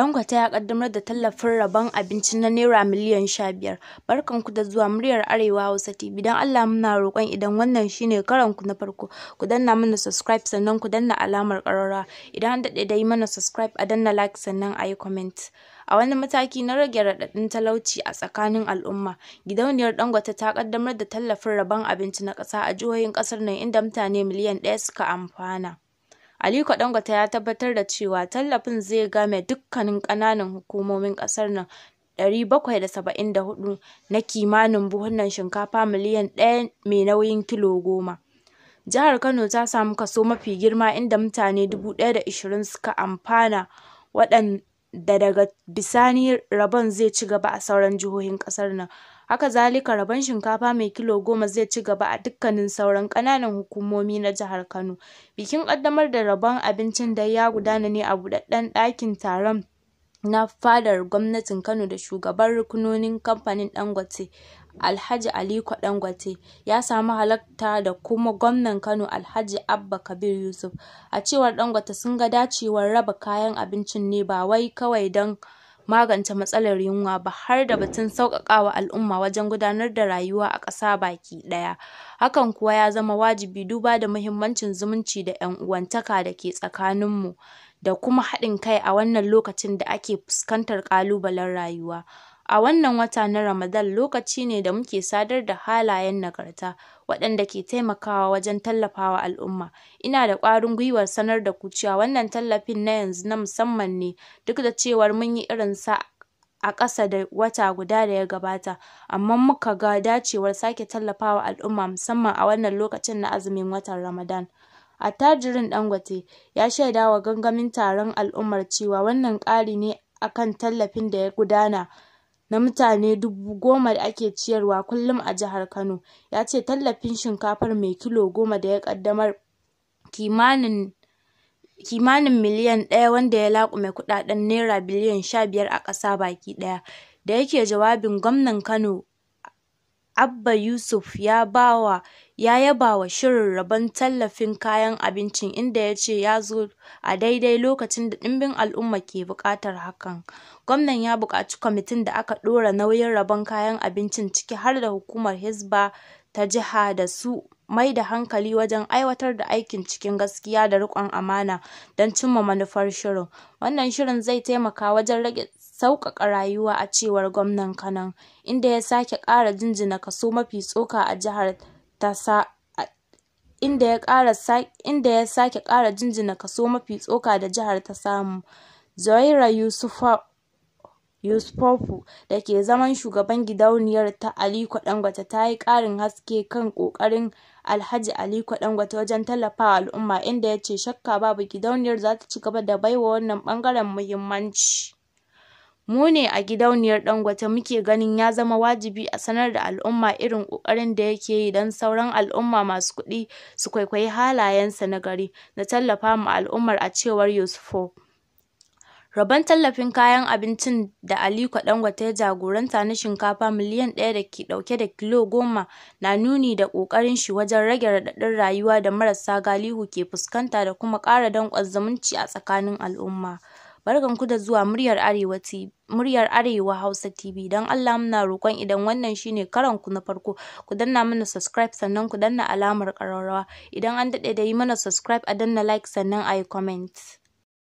Dangote ya kaddamar da tallafin rabon abinci na Naira miliyan 15. Barkanku da zuwa muryar Arewa Hausa TV. Don Allah muna roƙon idan wannan shine karanku na farko, ku danna mana subscribe sannan ku danna alamar ƙararrawa. Idan an daɗe yi mana subscribe a danna like sannan a yi comment. A wani mataki na rage raɗaɗin talauci a tsakanin al'umma, gidauniyar Dangote ta ƙaddamar da tallafin rabon abinci na ƙasa a jihohin ƙasar nan inda mutane miliyan ɗaya suka amfana. Aliko Dangote ya tabbatar da cewa tallafin zai game dukkanin ƙananan hukumomin ƙasar nan 774 na kimanin buhunan shinkafa miliyan ɗaya mai nauyin kilo goma. Jihar Kano ta samu kaso mafi girma inda mutane 1,020 suka amfana waɗanda daga bisani rabon zai ci gaba a sauran jihohin ƙasar nan. Haka zalika rabon shinkafa mai kilo goma zai ci gaba a dukkanin sauran ƙananan hukumomi na jihar Kano. Bikin ƙaddamar da rabon abincin dai ya gudana ne a buɗaɗɗen ɗakin taron na fadar gwamnatin Kano da shugaban rukunonin kamfanin Dangote Alhaji Aliko Dangote ya samu halarta da kuma gwamnan Kano Alhaji Abba Kabir Yusuf. A cewar Dangote sun ga dacewar raba kayan abincin ne ba wai kawai don magance matsalar yunwa ba har da batun sauƙaƙawa al'umma wajen gudanar da rayuwa a ƙasa baki ɗaya, hakan kuwa ya zama wajibi duba da muhimmancin zumunci da 'yan uwantaka da ke tsakaninmu da kuma haɗin kai a wannan lokacin da ake fuskantar ƙalubalen rayuwa. A wannan wata na Ramadan lokaci ne da muke sadar da halayen nagarta waɗanda ke taimakawa wajen tallafawa al'umma. Ina da ƙwarin gwiwar sanar da ku cewa wannan tallafin na yanzu na musamman ne duk da cewar mun yi sa a ƙasa da wata guda da ya gabata, amma muka ga dacewar sake tallafawa al'umma musamman a wannan lokacin na azumin watan Ramadan. Attajirin Dangote ya shaidawa gangamin taron al'ummar cewa wannan ƙari ne akan tallafin da ya gudana na mutane dubu goma da ake ciyarwa kullum a jihar Kano, ya ce tallafin shinkafar mai kilo goma da ya ƙaddamar kimanin miliyan ɗaya wanda ya laƙume kuɗaɗen Naira biliyan 15 a ƙasa baki ɗaya. Da yake jawabin, Gwamnan Kano Abba Yusuf ya yaba wa shirin rabon tallafin kayan abincin inda ya ce ya zo a daidai lokacin da ɗimbin al'umma ke buƙatar hakan. Gwamnan ya buƙaci kwamitin da aka ɗora nauyin rabon kayan abincin ciki har da Hukumar Hizba ta Jiha da su mai da hankali wajen aiwatar da aikin cikin gaskiya da riƙon amana don cimma manufar shirin. Wannan shirin zai taimaka wajen rage sauƙaƙa rayuwa a cewar Gwamnan Kano, inda ya sake ƙara jinjina kaso mafi tsoka a jihar tasa inda ya ƙara inda ya sake ƙara jinjina kaso mafi tsoka da jihar ta samu. zoira Yusufa Yusufofu, da ke zaman shugaban gidauniyar ta Aliko Dangote ta yi ƙarin haske kan ƙoƙarin Alhaji Aliko Dangote wajen tallafawa al'umma, inda ya ce shakka babu gidauniyar za ta ci gaba da baiwa wannan ɓangaren muhimmanci. “Mu ne a gidauniyar Dangote muke ganin ya zama wajibi a sanar da al'umma irin ƙoƙarin da yake yi don sauran al'umma masu kuɗi su kwaikwayi halayensa na gari, na tallafa ma al'ummar,” a cewar Yusufofu. Rabon tallafin kayan abincin da Aliko Dangote ya jagoranta na shinkafa miliyan ɗaya da ke ɗauke da kilo goma na nuni da ƙoƙarin shi wajen rage raɗaɗin rayuwa da marasa galihu ke fuskanta da kuma ƙara danƙon zumunci a tsakanin al'umma. Barkanku da zuwa muryar Arewa Muryar Arewa Hausa TV don Allah muna roƙon idan wannan shine karan ku na farko ku danna mana subscribe sannan ku danna alamar ƙararrawa idan an daɗe da yi mana subscribe a danna like sannan a yi comment.